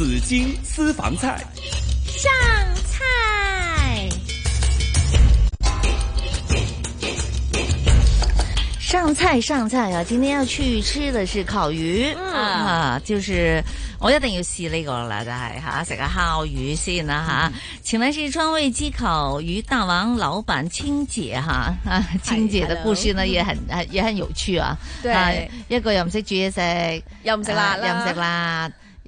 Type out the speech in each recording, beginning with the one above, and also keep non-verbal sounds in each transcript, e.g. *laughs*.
紫荊私房菜，上菜，上菜上菜啊！今天要去吃的是烤魚，嗯、啊，就是我一定要試呢個啦，就係吓，食、啊、個烤魚先、啊，先、啊、啦。呢哈、嗯，請來是川味雞烤魚大王老闆青姐哈啊，青、啊、姐的故事呢也很、哎嗯、也很有趣啊，係對、啊、一個又唔識煮嘢食，又唔食辣啦、啊，又唔食辣。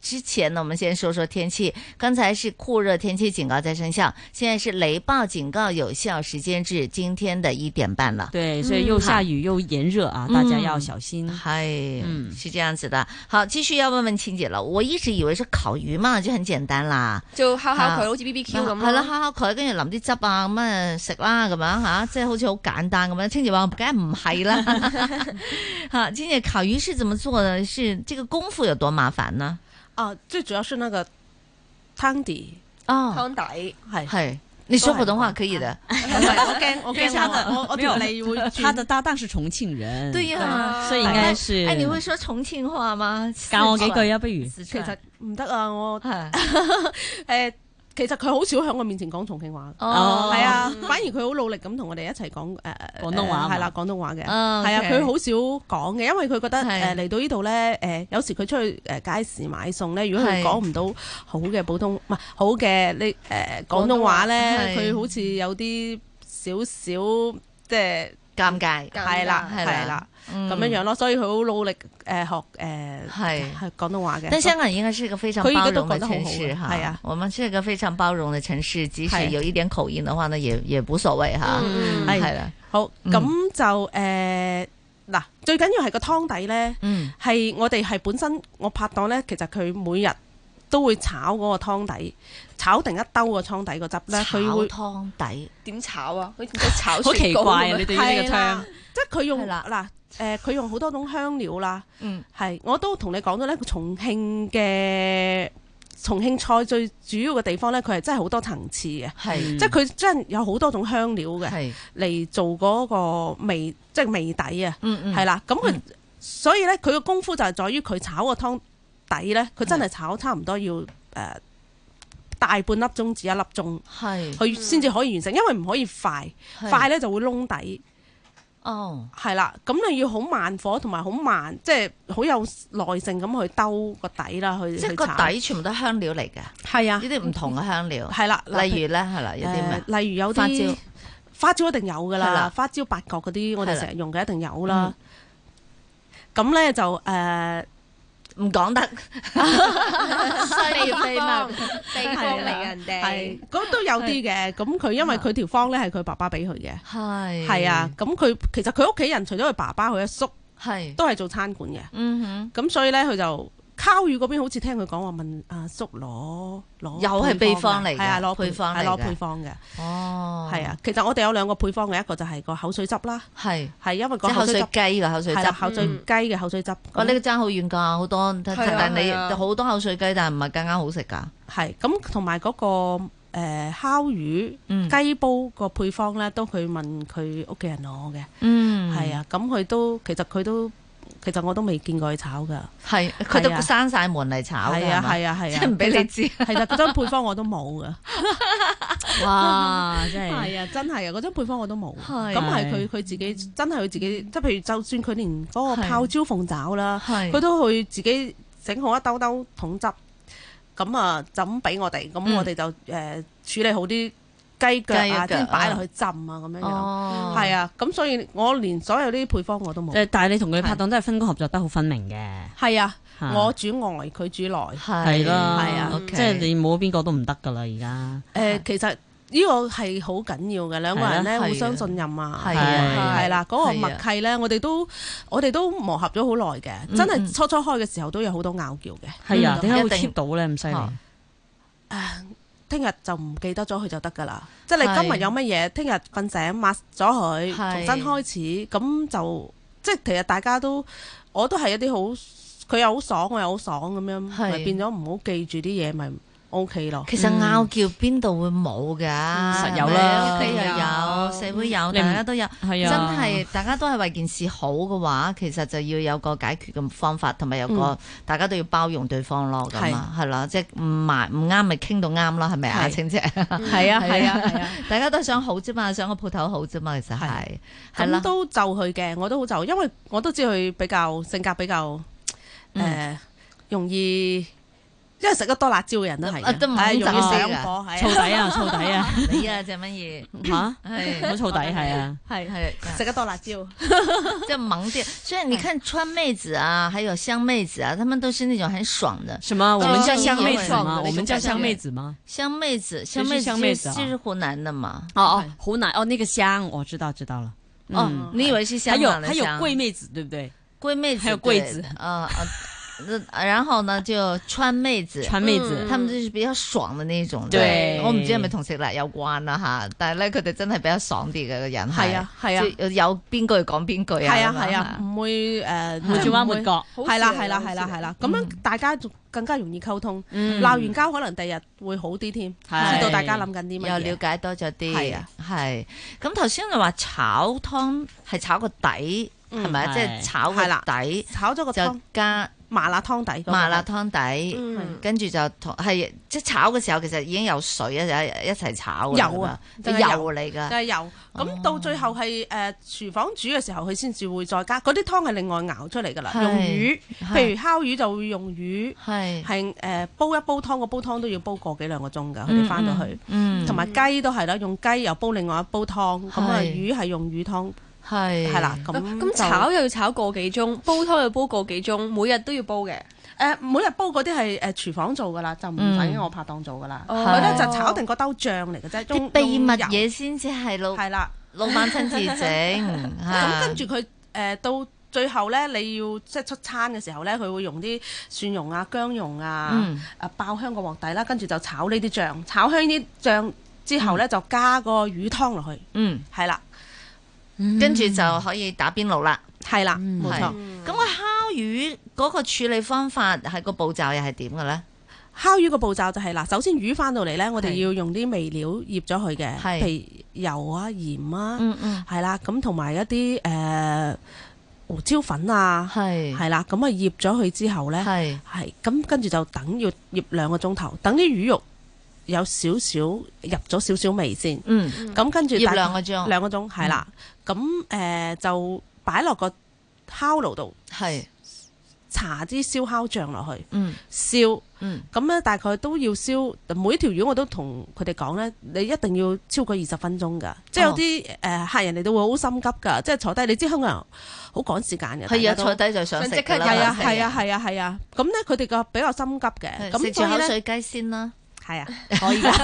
之前呢，我們先說說天氣。剛才是酷熱天氣警告在生效，現在是雷暴警告有效時間至今天的一點半了。對，所以又下雨又炎熱啊，嗯，大家要小心。嗯，嗯是這樣子的。好，繼續要問問青姐了。我一直以為是烤魚嘛，就很簡單啦，就好好烤烤佢，好似 B B Q 咁。係啦，烤烤佢，跟住淋啲汁啊，咁啊食啦，咁樣吓，即係好似好簡單咁樣。青姐話：我梗係唔係啦。 *laughs* 好，青姐烤魚是怎麼做呢？是這個功夫有多麻煩呢？哦、啊，最主要是那個湯底哦，湯底係，係、哦。你說普通話可以的，唔係我驚我驚他的我我點解會他的搭檔是重慶人，對呀、啊，所以、啊 so、應該是，哎，你會說重慶話嗎？教我幾句啊不如，其實唔得啊我，誒、哎。其實佢好少喺我面前講重慶話，係、oh. 啊，反而佢好努力咁同我哋一齊講誒、呃呃、廣，廣東話，係啦，廣東話嘅，係、就、啊、是，佢好少講嘅，因為佢覺得誒嚟到呢度咧，誒有時佢出去誒街市買餸咧，如果佢講唔到好嘅普通，唔係好嘅呢誒廣東話咧，佢好似有啲少少即係尷尬，係尬啦，係啦。咁樣樣咯，所以佢好努力誒學誒係係廣東話嘅。但香港人應該係一個非常包容嘅城市嚇，係啊，我們係一個非常包容嘅城市，即使有一點口音嘅話呢，也也無所謂嚇。係啦，好咁就誒嗱，最緊要係個湯底咧，嗯，係我哋係本身我拍檔咧，其實佢每日都會炒嗰個湯底，炒定一兜個湯底個汁咧，炒湯底點炒啊？佢炒好奇怪，你對呢個湯，即係佢用嗱嗱。誒，佢、呃、用好多種香料啦，係、嗯，我都同你講咗咧。重慶嘅重慶菜最主要嘅地方咧，佢係真係好多層次嘅，係是，即係佢真係有好多種香料嘅，係嚟是做嗰個味，即係味底啊，係、嗯嗯、啦。咁佢、嗯、所以咧，佢嘅功夫就係在於佢炒個湯底咧，佢真係炒差唔多要誒是、呃、大半粒鐘至一粒鐘，係是，佢先至可以完成，因為唔可以快，快咧就會窿底。是哦，係啦、oh.，咁你要好慢火，同埋好慢，即係好有耐性咁去兜個底啦，去即係個底全部都香料嚟嘅，係啊，呢啲唔同嘅香料，係啦、嗯，例如咧係啦，一啲咩、呃、例如有啲花椒，花椒一定有噶啦，了花椒八角嗰啲我哋成日用嘅一定有啦，咁咧了、嗯、就誒。呃唔講得，要秘 *laughs* 方秘 *laughs* 方嚟嘅人哋，係， *laughs* 咁 *laughs* 的、那個、都有啲嘅。咁佢因為佢條方咧係佢爸爸俾佢嘅，係的，係啊。咁佢其實佢屋企人除咗佢爸爸，佢一叔係都係做餐館嘅，嗯哼的。咁所以咧佢就。烤魚嗰邊好似聽佢講話，問阿、啊、叔攞，攞又係秘方嚟，係啊，攞配，配方，係攞、啊、配方嘅。哦，係啊，其實我哋有兩個配方嘅，一個就係個口水汁啦。係係是因為個口水雞個口水汁，口水雞嘅口水汁。哇、啊，呢個爭好遠噶，好、嗯那啊、多，多啊啊、但係你好多口水雞，但係唔係更加好食噶。係咁、啊，同埋嗰個誒、呃、烤魚雞煲個配方咧，都佢問佢屋企人攞嘅。嗯，係啊，咁佢都其實佢都。其實我都未見過佢炒噶，係佢都閂晒門嚟炒，係啊係啊係啊，即係唔俾你知，係啦，嗰種配方我都冇噶，哇真係，係啊真係啊，嗰種配方我都冇，咁係佢佢自己真係佢自己，即係譬如就算佢連嗰個泡椒鳳爪啦，佢都去自己整好一兜兜桶汁，咁啊就咁俾我哋，咁我哋就誒處理好啲。嗯雞腳啊，先擺落去浸啊，咁樣樣，係啊，咁所以我連所有啲配方我都冇。誒，但係你同佢拍檔都係分工合作得好分明嘅。係啊，我主外，佢主內。係啦。係啊，即係你冇邊個都唔得噶啦，而家。誒，其實呢個係好緊要嘅，兩個人咧互相信任啊，係啦，嗰個默契咧，我哋都我哋都磨合咗好耐嘅，真係初初開嘅時候都有好多拗撬嘅。係啊，點解會 keep 到咧咁犀利？誒。聽日就唔記得咗佢就得㗎啦，即係你今日有乜嘢，聽日瞓醒抹咗佢，重是新開始，咁就即係其實大家都，我都係一啲好，佢又好爽，我又好爽咁樣，咪是變咗唔好記住啲嘢咪。O K 咯，其實拗撬邊度會冇噶？實有啦，屋企又有，社會有，大家都有。係啊，真係大家都係為件事好嘅話，其實就要有個解決嘅方法，同埋有個大家都要包容對方咯。咁啊，係啦，即係唔埋唔啱咪傾到啱咯，係咪啊？青姐，係啊係啊係啊，大家都想好啫嘛，想個鋪頭好啫嘛，其實係係啦，都就佢嘅，我都好就，因為我都知佢比較性格比較誒容易。因為食得多辣椒嘅人都係，係就上火，係燥底啊燥底啊，你啊只乜嘢？嚇，係好燥底係啊，係係食得多辣椒，即係猛點。雖然你看川妹子啊，還有湘妹子啊，他們都是那種很爽的。什麼？我們叫湘妹子嗎？我們叫湘妹子嗎？湘妹子，湘妹子，就是湖南的嘛。哦哦，湖南哦，那個湘，我知道知道了。哦，你以為是？還有還有桂妹子，對唔對？桂妹子，還有桂子。啊啊！然後呢就川妹子，川妹子，佢哋就比較爽嘅呢種。對，我唔知係咪同食辣有關啦吓，但係佢哋真係比較爽啲嘅個人。係啊係啊，有邊句講邊句啊。係啊係啊，唔會誒，唔轉彎抹角。係啦係啦係啦係啦，咁樣大家更加容易溝通。鬧完交可能第日會好啲添，知道大家諗緊啲咩？又了解多咗啲。係啊係。咁頭先你話炒湯係炒個底，係咪即係炒個底，炒咗個湯加。麻辣湯底，麻辣湯底，跟住就同係即係炒嘅時候，其實已經有水一一一齊炒有，啦嘛，即油嚟噶。係油，咁到最後係誒廚房煮嘅時候，佢先至會再加嗰啲湯，係另外熬出嚟㗎啦，用魚，譬如烤魚就會用魚，係係誒煲一煲湯，個煲湯都要煲個幾兩個鐘㗎，佢哋翻到去，同埋雞都係啦，用雞又煲另外一煲湯，咁啊魚係用魚湯。係，係啦，咁咁炒又要炒個幾鐘，煲湯又煲個幾鐘，每日都要煲嘅。誒，每日煲嗰啲係誒廚房做噶啦，就唔使我拍檔做噶啦。咪都就炒定個兜醬嚟嘅啫，啲秘密嘢先至係老。係啦，老闆親自整。咁跟住佢誒到最後咧，你要即係出餐嘅時候咧，佢會用啲蒜蓉啊、薑蓉啊、啊爆香個鑊底啦，跟住就炒呢啲醬，炒香啲醬之後咧就加個魚湯落去。嗯，係啦。跟住、嗯、就可以打邊爐啦，係啦、嗯，冇錯。咁個烤魚嗰個處理方法係、嗰個步驟又係點嘅咧？烤魚個步驟就係、是、嗱，首先魚翻到嚟咧，我哋要用啲味料醃咗佢嘅，譬是如油啊、鹽啊，嗯嗯，係啦，咁同埋一啲誒、呃、胡椒粉啊，係係是啦，咁啊醃咗佢之後咧，係係是，咁跟住就等要醃兩個鐘頭，等啲魚肉。有少少入咗少少味先，咁跟住醃兩個鐘，兩個鐘係啦。咁誒就擺落個烤爐度，係搽啲燒烤醬落去，燒。咁咧大概都要燒，每一條魚我都同佢哋講咧，你一定要超過二十分鐘㗎。即係有啲誒客人嚟到會好心急㗎，即係坐低你知香港人好趕時間嘅，係啊，坐低就想食啦，係啊，係啊，係啊，係啊。咁咧佢哋個比較心急嘅，咁所以食住口水雞先啦。係啊，可以㗎，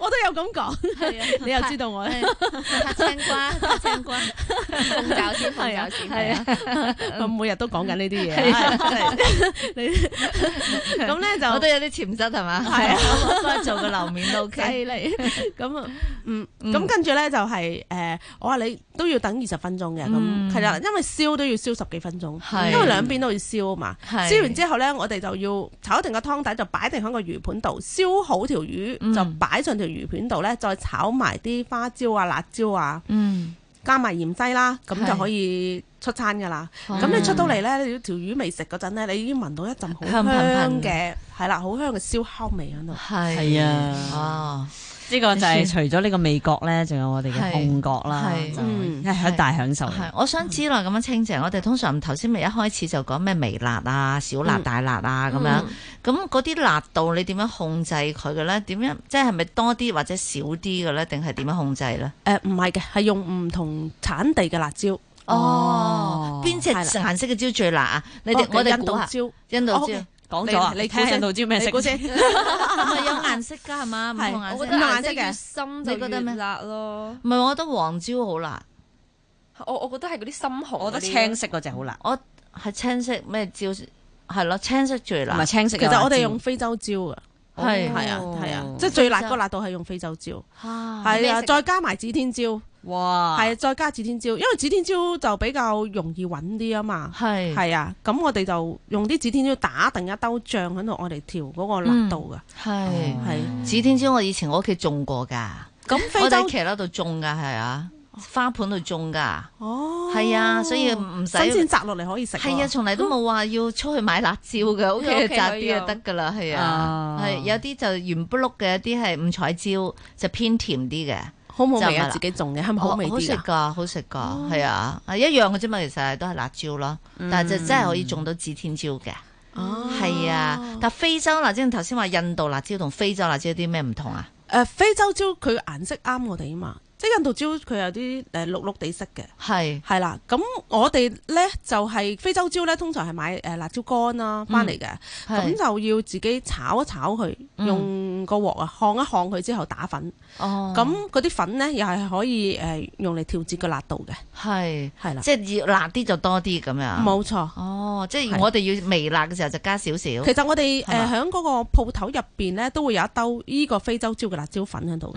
我都有咁講，你又知道我？炒青瓜，炒青瓜，紅酒錢，紅酒錢，我每日都講緊呢啲嘢啊！你咁咧就我都有啲潛質係嘛？係啊，做個樓面都 OK。咁啊，嗯，咁跟住咧就係誒，我話你。都要等二十分鐘嘅咁，係啦、嗯，因為燒都要燒十幾分鐘，是因為兩邊都要燒啊嘛。是燒完之後呢，我哋就要炒定個湯底，就擺定喺個魚盤度。燒好條魚、嗯、就擺上條魚盤度呢，再炒埋啲花椒啊、辣椒啊，嗯、加埋鹽劑啦，咁就可以出餐噶啦。咁是你出到嚟呢，條魚未食嗰陣呢，你已經聞到一陣好香嘅，係啦，好香嘅燒烤、烤味喺度。係啊。嗯呢個就係除咗呢個味覺咧，仲有我哋嘅痛覺啦，係一大享受嚟。係，我想知啦，咁樣，青姐，我哋通常頭先咪一開始就講咩微辣啊、小辣大辣啊咁、嗯、樣，咁嗰啲辣度你點樣控制佢嘅咧？點樣即係係咪多啲或者少啲嘅咧？定係點樣控制咧？誒、呃，唔係嘅，係用唔同產地嘅辣椒。哦，邊隻顏色嘅椒最辣啊？的你哋們、哦、我哋印度椒，印度椒。Okay. 講咗你睇喺度知咩色？係咪有顏色噶係嘛，唔同顏色嘅。顏色越深，你覺得咩？辣咯。唔係，我覺得黃椒好辣。我我覺得係嗰啲深紅。我覺得青色嗰隻好辣。我係青色咩椒？係咯，青色最辣。青色。其實我哋用非洲椒噶。係係啊係啊，即係最辣嗰辣度係用非洲椒。係啊，再加埋指天椒。哇，係啊，再加指天椒，因為指天椒就比較容易搵啲啊嘛。係係啊，咁我哋就用啲指天椒打定一兜醬喺度，我哋調嗰個辣度噶。係係指天椒，我以前屋企種過噶，咁喺屋企喺度種噶，係啊，花盆度種噶。哦，係啊，所以唔使新鮮摘落嚟可以食。係啊，從嚟都冇話要出去買辣椒噶，屋企摘啲就得噶啦，係啊，係有啲就圓不碌嘅，一啲係五彩椒就偏甜啲嘅。好冇味啊！自己種嘅、哦，好味好食噶，好食噶，係啊，係一樣嘅啫嘛。其實都係辣椒咯，嗯、但係就真係可以種到指天椒嘅。哦，係啊。但係非洲辣椒，頭先話印度辣椒同非洲辣椒有啲咩唔同啊？誒、呃，非洲椒佢顏色啱我哋啊嘛。即係印度椒，佢有啲誒綠綠地色嘅，係係啦。咁我哋咧就係非洲椒咧，通常係買誒辣椒乾啦，翻嚟嘅，咁就要自己炒一炒佢，用個鑊啊，烘一烘佢之後打粉。哦，咁嗰啲粉咧又係可以誒用嚟調節個辣度嘅。係係啦，即係要辣啲就多啲咁樣。冇錯。哦，即係我哋要微辣嘅時候就加少少。其實我哋誒喺嗰個鋪頭入邊咧都會有一兜呢個非洲椒嘅辣椒粉喺度。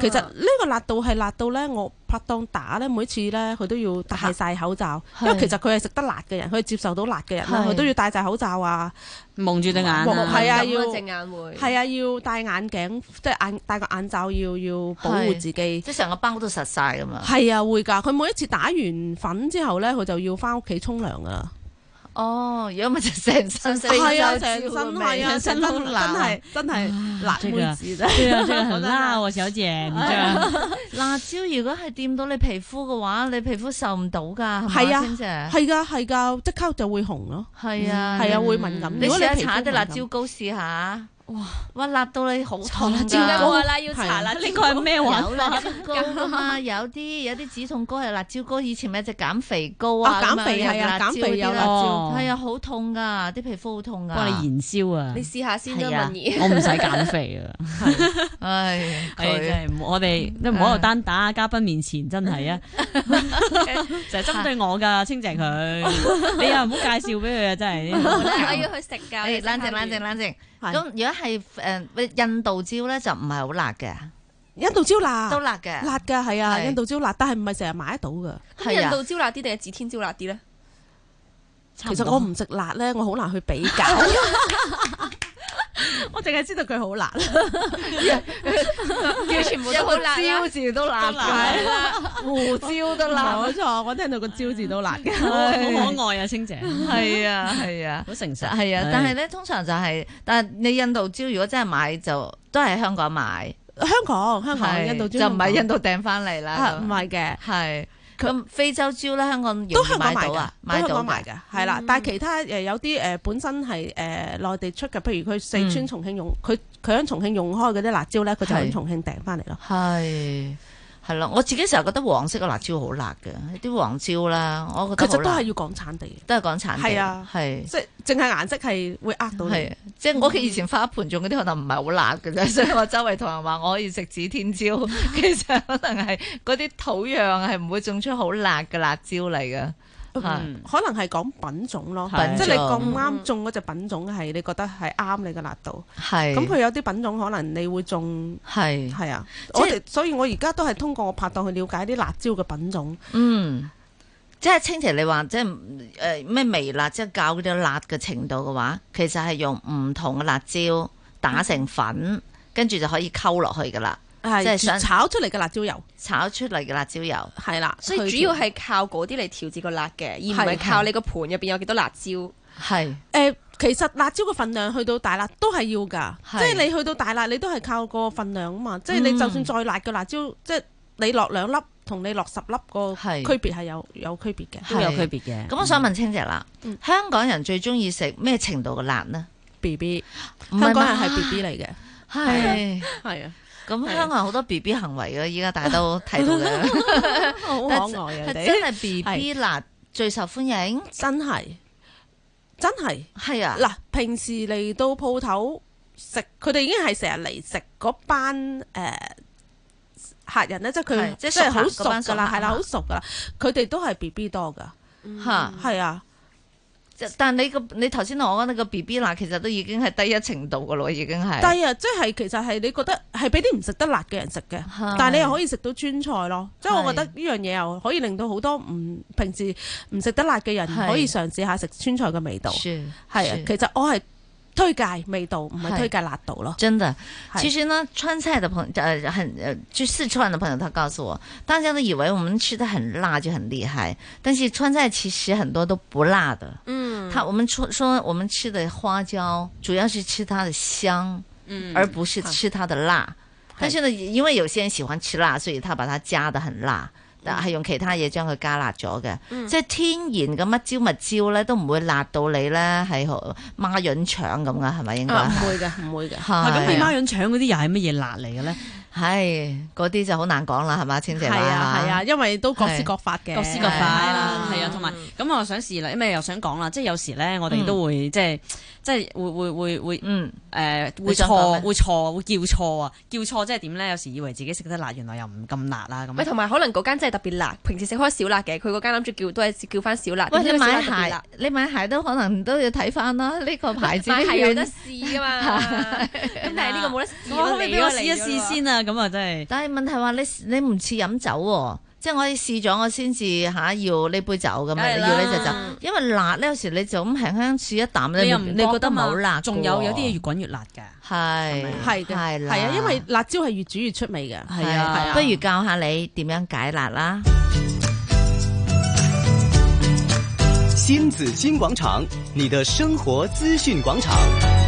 其實呢個辣度。係辣到咧，我拍檔打咧，每次咧佢都要戴晒口罩，哈因為其實佢係食得辣嘅人，佢係接受到辣嘅人啦，佢的都要戴晒口罩啊，蒙住對眼啊，係啊的要隻眼會，係啊要戴眼鏡，即係眼戴個眼罩，要要保護自己，即係成個包都實晒咁啊，係啊會噶，佢每一次打完粉之後咧，佢就要翻屋企沖涼噶啦。哦，如果咪就成身，係啊，成身係啊，成身真係真係辣，真係，真係辣喎，小姐，辣椒如果係掂到你皮膚嘅話，你皮膚受唔到噶，係啊，係噶，係噶，即刻就會紅咯，係啊，係啊，會敏感。你試下搽啲辣椒膏試下。哇！哇辣到你好痛噶，辣椒膏啊！要搽辣椒呢個係咩話？辣椒膏嘛，有啲有啲止痛膏係辣椒膏，以前咪一隻減肥膏啊！減肥係啊，減肥有辣椒，係啊，好痛噶，啲皮膚好痛噶，幫你燃燒啊！你試下先啊，我唔使減肥啊，係，唉，真係我哋都唔好度單打，嘉賓面前真係啊，就係針對我噶，青姐佢，你又唔好介紹俾佢啊，真係，我要去食噶，冷靜冷靜冷靜。咁如果係誒印度椒咧就唔係好辣嘅，印度椒辣，都辣嘅，辣噶係啊，印度椒辣，但係唔係成日買得到噶。咁、啊、印度椒辣啲定係指天椒辣啲咧？其實我唔食辣咧，我好難去比較。 *laughs* *laughs* 我淨係知道佢好辣，叫全部都椒字都辣，係胡椒都辣。冇錯，我聽到個椒字都辣嘅，好可愛啊，青姐。係啊，係啊，好誠實。係啊，但係咧，通常就係，但係你印度椒如果真係買就都係香港買，香港香港印度椒就唔係印度訂翻嚟啦，唔係嘅，係。佢非洲椒咧，香港都香港買到啊，買到賣㗎，係啦。但係其他誒有啲誒本身係誒內地出嘅，譬、嗯、如佢四川、重慶用佢佢喺重慶用開嗰啲辣椒咧，佢就喺重慶訂翻嚟咯。係。係咯，我自己成日覺得黃色嘅辣椒好辣嘅，啲黃椒啦，我覺得其實都係要講產地，都係講產地，係啊的，係的，即係淨係顏色係會呃到你，係的，嗯、即係我屋企以前花盆種嗰啲可能唔係好辣嘅啫，所以我周圍同人話我可以食指天椒，其實可能係嗰啲土壤係唔會種出好辣嘅辣椒嚟嘅。嗯、可能係講品種咯，即係你咁啱種嗰隻品種係，你覺得係啱你嘅辣度。係是，咁佢有啲品種可能你會種係，係是啊。即是我哋所以，我而家都係通過我拍檔去了解啲辣椒嘅品種。嗯，即係青姐你話，即係誒咩微辣，即係教嗰啲辣嘅程度嘅話，其實係用唔同嘅辣椒打成粉，跟住、嗯、就可以溝落去噶啦。係即係炒出嚟嘅辣椒油，炒出嚟嘅辣椒油係啦，所以主要係靠嗰啲嚟調節個辣嘅，而唔係靠你個盤入邊有幾多辣椒。係誒，其實辣椒嘅份量去到大辣都係要噶，即係你去到大辣，你都係靠個份量啊嘛。即係你就算再辣嘅辣椒，即係你落兩粒同你落十粒個區別係有有區別嘅，係有區別嘅。咁我想問青姐啦，香港人最中意食咩程度嘅辣呢？B B，香港人係 B B 嚟嘅，係係啊。咁香港好多 BB 行為㗎，依家大家都睇到啦。好 *laughs* *laughs* 可愛人、啊、是們真係 BB 嗱是最受歡迎，真係真係係啊！嗱，平時嚟到鋪頭食，佢哋已經係成日嚟食嗰班誒、呃、客人咧，即係佢是即係好熟噶啦，係啦，好熟噶啦，佢哋都係 BB 多噶吓，係、嗯嗯、啊。但係你個你頭先我講你個 B B 辣，辣其實都已經係低一程度嘅咯，已經係低啊，即、就、係、是、其實係你覺得係俾啲唔食得辣嘅人食嘅，是但係你又可以食到川菜咯，是即係我覺得呢樣嘢又可以令到好多唔平時唔食得辣嘅人可以嘗試下食川菜嘅味道。係啊，其實我係推介味道，唔係推介辣度咯。真的，其實呢川菜嘅朋友呃，就四川人嘅朋友，呃、朋友他告訴我，大家都以為我們吃得很辣就很厲害，但是川菜其實很多都不辣的。他我們說說我們吃的花椒，主要是吃它的香，嗯、而不是吃它的辣。嗯、但是呢，因為有些人喜歡吃辣，所以他把它加得很辣，嗯、但係用其他嘢將佢加辣咗嘅。即係、嗯、天然嘅乜椒、蜜椒咧，都唔會辣到你咧，係好孖潤腸咁噶，係咪應該？唔、啊、會嘅，唔會嘅。係咁、 *laughs* 啊，孖潤、啊、腸嗰啲又係乜嘢辣嚟嘅咧？ *laughs* 係，嗰啲就好難講啦，係嘛，青姐嘛，係啊，啊，因為都各施各法嘅，啊啊、各施各法啦，係啊，同埋咁啊，嗯、啊我想試啦，因啊又想講啦，即係有時咧，我哋都會、嗯、即係。即係會會會會嗯誒會錯會錯會叫錯啊叫錯即係點咧？有時以為自己食得辣，原來又唔咁辣啦咁。喂，同埋可能嗰間真係特別辣，平時食開少辣嘅，佢嗰間諗住叫都係叫翻少辣。喂，你買鞋，你買鞋都可能都要睇翻啦，呢個牌子。買鞋係有得試噶嘛？咁但係呢個冇得試。哦，你俾我試一試先啊！咁啊，真係。但係問題話你你唔似飲酒喎。即係我哋試咗，我先至吓要呢杯酒咁啊，要呢隻酒，因為辣咧有時你就咁輕輕試一啖咧，你又你覺得唔好辣，仲有有啲嘢越滾越辣嘅，係係嘅，係啊，因為辣椒係越煮越出味嘅，係啊，不如教下你點樣解辣啦。新子金廣場，你的生活資訊廣場。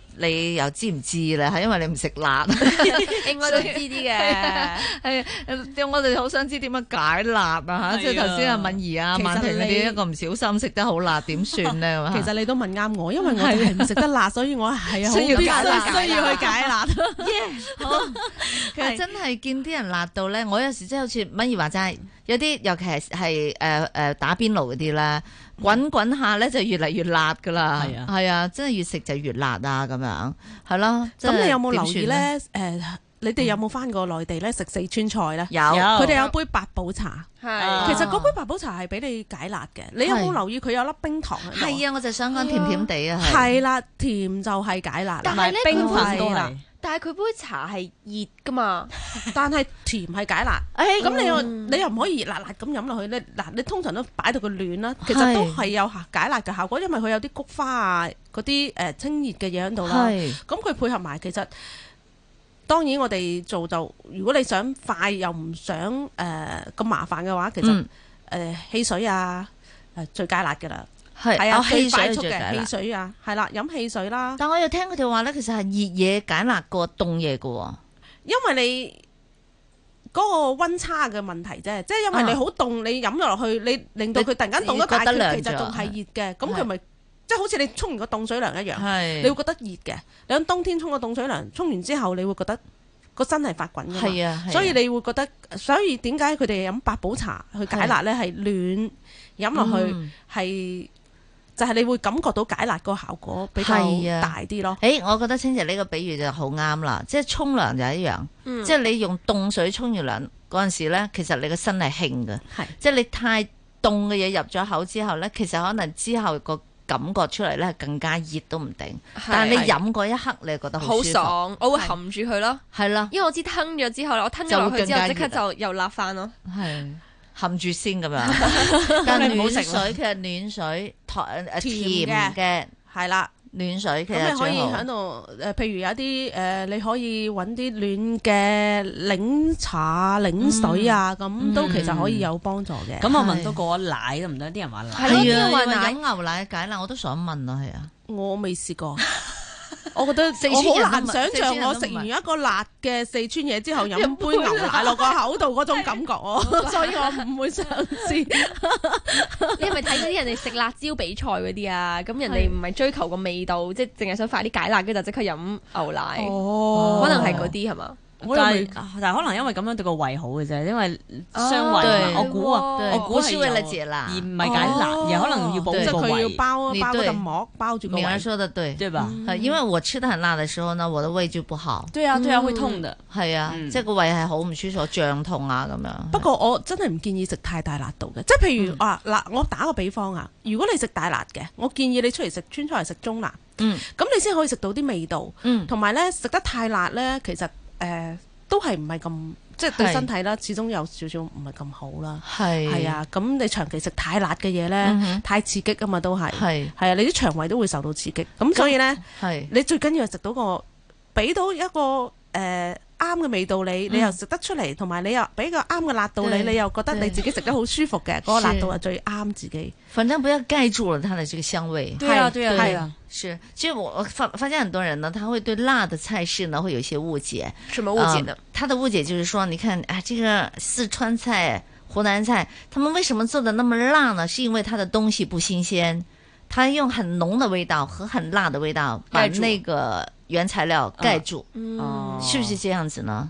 你又知唔知咧？係因為你唔食辣，應該 *laughs* 都知啲嘅。係， *laughs* 我哋好想知點樣解辣啊！嚇即係，頭先阿敏兒啊、你曼婷嗰啲，一個唔小心食得好辣，點算咧？ *laughs* 其實你都問啱我，因為我哋係唔食得辣，所以我係啊， *laughs* 好需要需要去解辣。其實真係見啲人辣到咧，我有時真係好似敏儀話齋。有啲尤其係係誒誒打邊爐嗰啲咧，滾滾下咧就越嚟越辣噶啦，係啊，係啊，啊，真係越食就越辣啊咁樣，係咯。咁你有冇留意咧？誒、呃，你哋有冇返過內地咧食四川菜咧？嗯、有，佢哋有杯八寶茶，係有。啊、其實嗰杯八寶茶係俾你解辣嘅。你有冇留意佢有粒冰糖？係啊，我就想講甜甜地、哎、呀啊。係啦，甜就係解辣，但係冰塊但係佢杯茶係熱噶嘛， *laughs* 但係甜係解辣。咁、 *laughs* 嗯、你又你又唔可以熱辣辣咁飲落去咧？嗱，你通常都擺到佢暖啦，其實都係有解辣嘅效果，因為佢有啲菊花啊嗰啲誒清熱嘅嘢喺度啦。咁佢是配合埋，其實當然我哋做就，如果你想快又唔想誒咁、呃、麻煩嘅話，其實誒、嗯呃、汽水啊、呃、最解辣噶啦。係啊，快速嘅汽水啊，係啦，飲汽水啦。但我又聽佢哋話咧，其實係熱嘢解辣過凍嘢嘅。因為你嗰個溫差嘅問題啫，即係因為你好凍，你飲落去，你令到佢突然間凍咗，解凍其實仲係熱嘅。咁佢咪即係好似你沖完個凍水涼一樣，你會覺得熱嘅。你喺冬天沖個凍水涼，沖完之後你會覺得個身係發滾嘅嘛。所以你會覺得，所以點解佢哋飲八寶茶去解辣咧？係暖飲落去係。就係你會感覺到解辣個效果比較大啲咯。誒、啊欸，我覺得青姐呢個比喻就好啱啦，即係沖涼就一樣，嗯、即係你用凍水沖完涼嗰陣時咧，其實你個身係興嘅，是即係你太凍嘅嘢入咗口之後咧，其實可能之後個感覺出嚟咧更加熱都唔定。是是但係你飲嗰一刻，你覺得好爽，我會含住佢咯。係啦是，因為我知吞咗之後，我吞咗落去之後，即刻就又辣返咯。係。含住先咁樣，但食 *laughs* 水其實暖水，啊、甜嘅係啦，的了暖水其實你可以喺度誒，譬如有啲誒，你可以揾啲暖嘅檸茶、檸、嗯、水啊，咁都其實可以有幫助嘅。咁、嗯嗯、我問多個奶得唔得？啲唉人話奶，有啲人話飲牛奶解辣，我都想問啊，係啊，我未試過。 *laughs* 我覺得四川，好難想像我食完一個辣嘅四川嘢之後飲杯牛奶落個口度嗰種感覺， *laughs* 是 *laughs* 所以我唔會想試。 *laughs* *laughs* 你係咪睇到啲人哋食辣椒比賽嗰啲啊？咁 *laughs* 人哋唔係追求個味道，的即係淨係想快啲解辣，跟住就即刻飲牛奶。哦，可能係嗰啲係嘛？但但可能因為咁樣對個胃好嘅啫，因為傷胃我估啊，我估係傷胃力竭啦，而唔係解辣，而可能要保護個胃。佢要包包個膜包住個胃。女兒說的對，對吧？因為我吃得很辣的時候呢，我的胃就不好。對啊，對啊，會痛的。係啊，即係個胃係好唔舒服，脹痛啊咁樣。不過我真係唔建議食太大辣度嘅，即係譬如啊嗱，我打個比方啊，如果你食大辣嘅，我建議你出嚟食川菜食中辣。嗯。咁你先可以食到啲味道。嗯。同埋咧，食得太辣咧，其實。誒、呃、都係唔係咁，即係對身體啦，是始終有少少唔係咁好啦。係係是啊，咁你長期食太辣嘅嘢咧，嗯、哼太刺激噶嘛，都係係係啊，你啲腸胃都會受到刺激。咁所以咧，以呢是你最緊要係食到個，俾到一個誒，啱嘅味道你，你又食得出嚟，同埋、嗯、你又俾個啱嘅辣度你，對你又覺得你自己食得好舒服嘅，嗰對個辣度係最啱自己。反正不要蓋住了它的這個香味。對啊，是對啊，是。其實我發發現很多人呢，他會對辣的菜式呢，會有一些誤解。什麼誤解呢？呃、他的誤解就是說，你看啊，這個四川菜、湖南菜，他們為什麼做的那麼辣呢？是因為它的東西不新鮮，他用很濃的味道和很辣的味道把那個。原材料蓋住，嗯、是不是這樣子呢？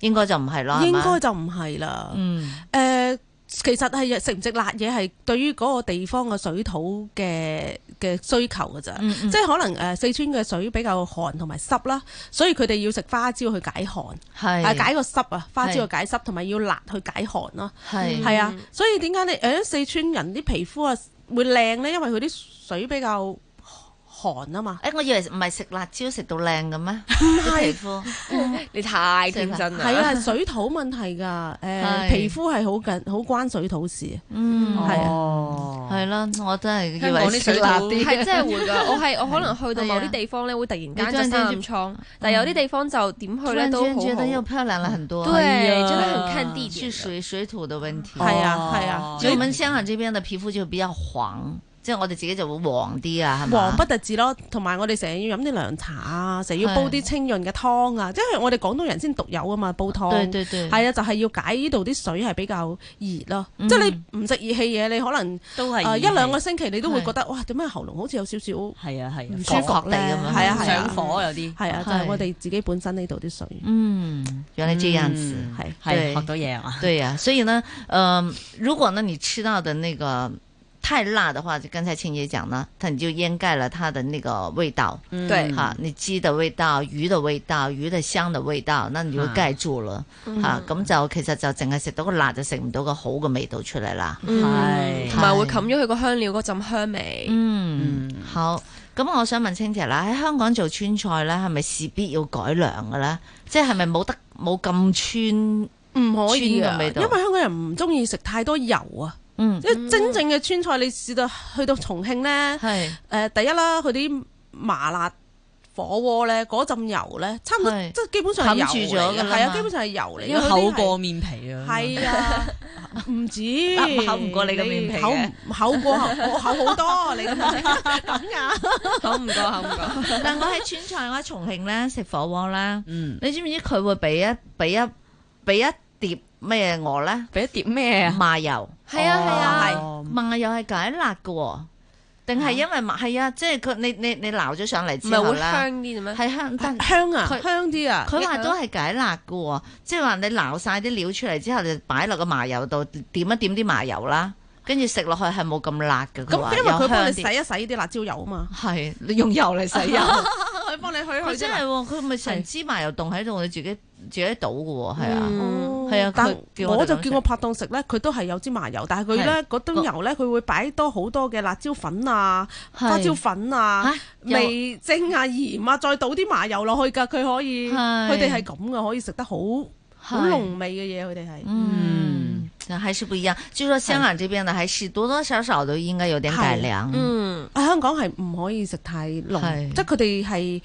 應該就唔係啦，應該就唔係啦。誒、嗯呃，其實係食唔食辣嘢係對於嗰個地方嘅水土嘅嘅需求嘅咋，嗯嗯即係可能誒、呃，四川嘅水比較寒同埋濕啦，所以佢哋要食花椒去解寒，係是、啊、解個濕啊，花椒去解濕，同埋是要辣去解寒咯。係係是、嗯、啊，所以點解你誒、呃、四川人啲皮膚啊會靚咧？因為佢啲水比較。寒啊嘛！誒，我以為唔係食辣椒食到靚嘅咩？唔係，皮膚你太天真啦！係啊，係水土問題㗎。誒，皮膚係好緊，好關水土事。嗯，係啊，係啦，我真係以為香港啲水辣啲，係真係會㗎。我係我可能去到某啲地方咧，會突然間就濕暗瘡，但係有啲地方就點去咧都好，覺得又漂亮了很多。對，真係很看地點。係水，水土嘅問題。係啊係啊，所以我們香港呢邊嘅皮膚就比較黃。即係我哋自己就會黃啲啊，黃不特止咯，同埋我哋成日要飲啲涼茶啊，成日要煲啲清潤嘅湯啊，即係我哋廣東人先獨有啊嘛，煲湯。對對對。係啊，就係要解呢度啲水係比較熱咯。即係你唔食熱氣嘢，你可能都係。一兩個星期你都會覺得哇，點解喉嚨好似有少少係啊係啊，唔舒服咧。係啊係啊，上火有啲。係啊，就係我哋自己本身呢度啲水。嗯，讓你見識係係學到嘢啊。對啊，所以呢，嗯，如果呢你吃到的那個。太辣的話，就剛才青姐講啦，佢你就掩蓋了它的那個味道，對、嗯，哈、啊，你雞的味道、魚的味道、魚的香的味道，那你會蓋住咯，吓，咁就其實就淨係食到個辣就食唔到個好嘅味道出嚟啦，係、嗯，同埋唉會冚咗佢個香料嗰陣香味，嗯，嗯，嗯，好，咁我想問青姐啦，喺香港做川菜咧，係咪勢必要改良嘅咧？嗯、即係咪冇得冇咁川？唔可以味道？因為香港人唔中意食太多油啊。嗯，即係真正嘅川菜，你試到去到重慶咧，誒第一啦，佢啲麻辣火鍋咧，嗰陣油咧，差唔多即係基本上係住咗嘅，係啊，基本上係油嚟嘅，厚過面皮啊，係啊，唔止厚唔過你嘅面皮嘅，厚過厚好多，你咁樣講緊㗎，講唔過，口唔過。但我喺川菜，我喺重慶咧食火鍋啦，你知唔知佢會俾一俾一俾一碟咩餌咧？俾一碟咩啊？麻油。係啊，係啊，麻油係解辣嘅？哦，定係因為麻係啊，即係佢你你你撈咗上嚟之後咧，係香香啊香啲啊，佢話都係解辣嘅，即係話你撈晒啲料出嚟之後，就擺落個麻油度點一點啲麻油啦，跟住食落去係冇咁辣嘅。咁、嗯、因為佢幫你洗一洗啲辣椒油啊嘛，係、啊、你用油嚟洗油，佢幫 *laughs* 你去佢真係，佢咪成支麻油凍喺度是你自己。煮得到嘅喎，係啊，係啊，但我就叫我拍檔食咧，佢都係有支麻油，但係佢咧嗰樽油咧，佢會擺多好多嘅辣椒粉啊、花椒粉啊、味精啊、鹽啊，再倒啲麻油落去噶，佢可以，佢哋係咁嘅，可以食得好好濃味嘅嘢，佢哋係。嗯，但還是不一樣，就說香港這邊呢，還是多多少少都應該有點改良。嗯，喺香港係唔可以食太濃，即係佢哋係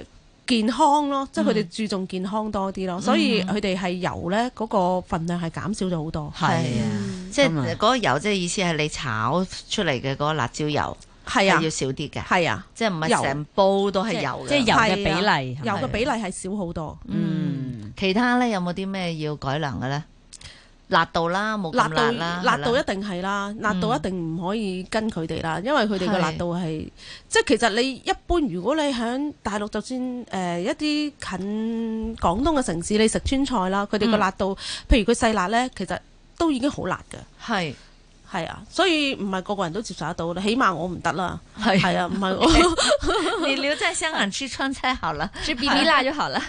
誒。健康咯，嗯、即係佢哋注重健康多啲咯，嗯、所以佢哋係油咧嗰個份量係減少咗好多。係啊，嗯、即係嗰個油，即係意思係你炒出嚟嘅嗰個辣椒油係啊，要少啲嘅。係啊，即係唔係成煲都係油嘅？即係油嘅、就係、比例，啊啊、油嘅比例係少好多。啊啊、嗯，其他咧有冇啲咩要改良嘅咧？辣度啦，冇講辣啦辣度，辣度一定係啦，嗯、辣度一定唔可以跟佢哋啦，因為佢哋嘅辣度係，是即係其實你一般如果你喺大陸，就算誒、呃、一啲近廣東嘅城市，你食川菜啦，佢哋嘅辣度，嗯、譬如佢細辣呢，其實都已經好辣㗎。係。係啊，所以唔係個個人都接受得到啦，起碼我唔得啦。係係啊，唔係我。你留在香港吃川菜好了，吃 BB 辣就好了。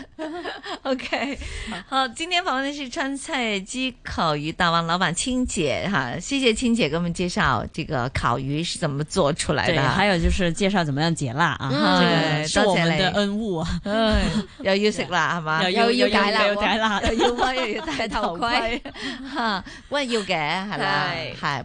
OK，好，今天訪問的是川菜雞烤魚大王老闆青姐哈，謝謝青姐給我們介紹這個烤魚是怎麼做出來的，還有就是介紹怎麼樣解辣啊。這個是我們的恩物啊，又要食辣係嘛？又要解辣，又要又要戴頭盔，嚇，要嘅係啦，係。